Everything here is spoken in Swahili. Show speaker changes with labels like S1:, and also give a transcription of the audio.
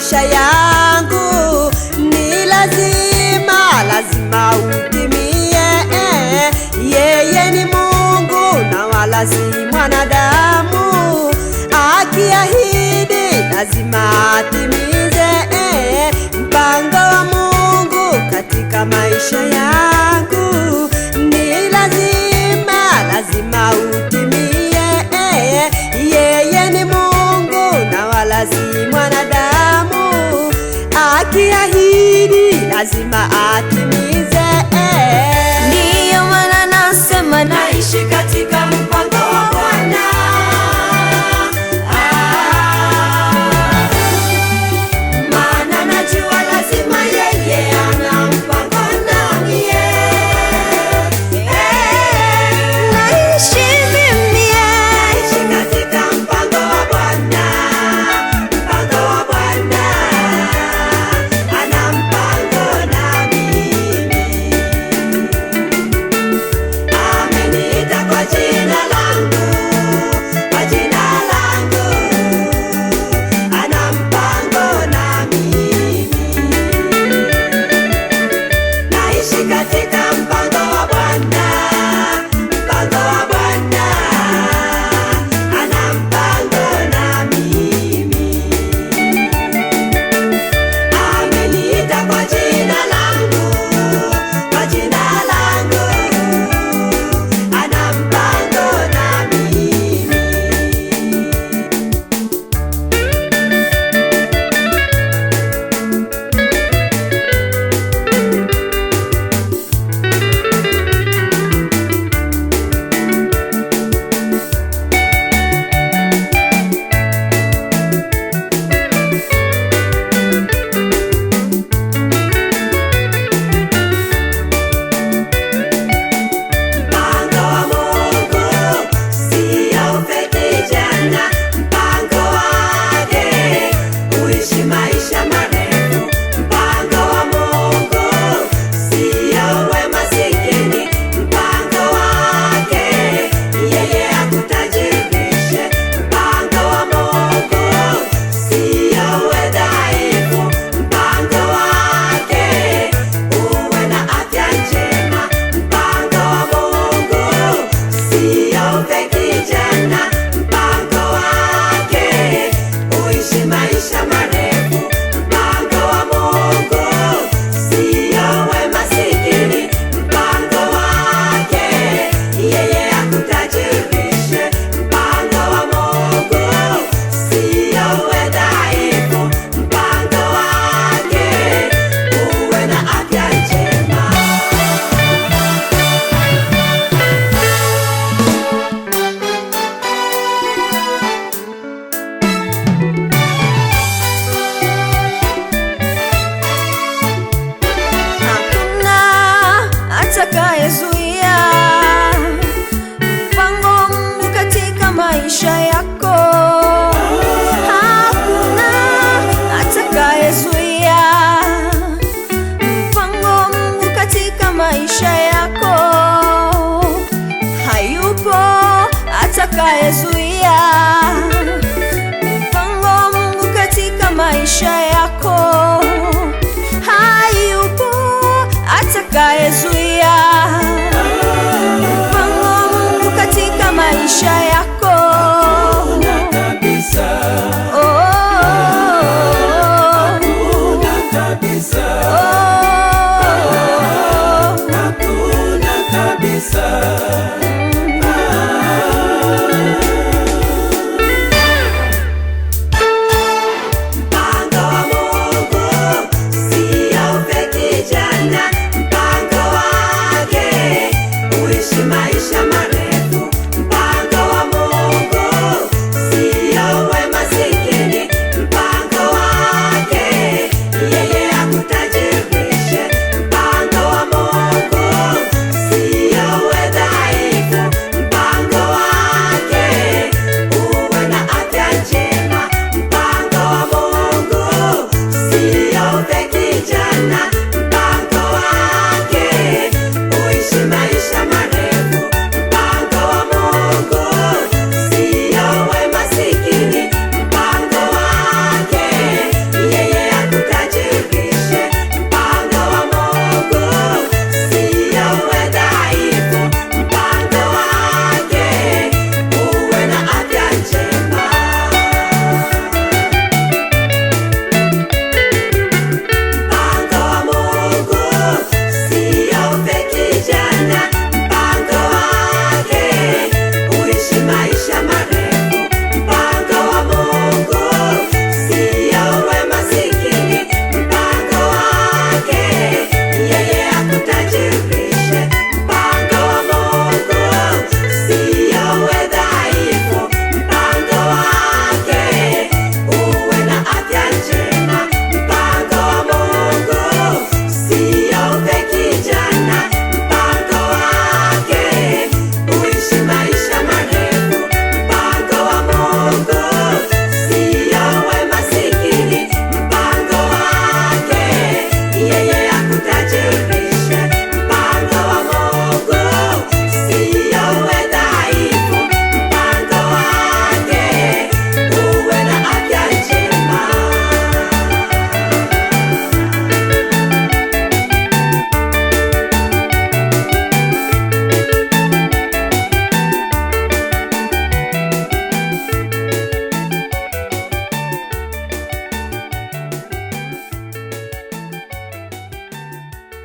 S1: maisha yangu ni lazima, lazima utimie. Eh. Yeye ni Mungu na wala si mwanadamu, akiahidi lazima atimize eh. mpango wa Mungu katika maisha yangu ni lazima, lazima utimie. Eh. Yeye ni Mungu na wala si mwanadamu Lazima at
S2: atakayezuia mpango Mungu katika maisha yako. Hakuna atakayezuia mpango Mungu katika maisha yako. Hayupo atakayezuia mpango Mungu katika maisha yako.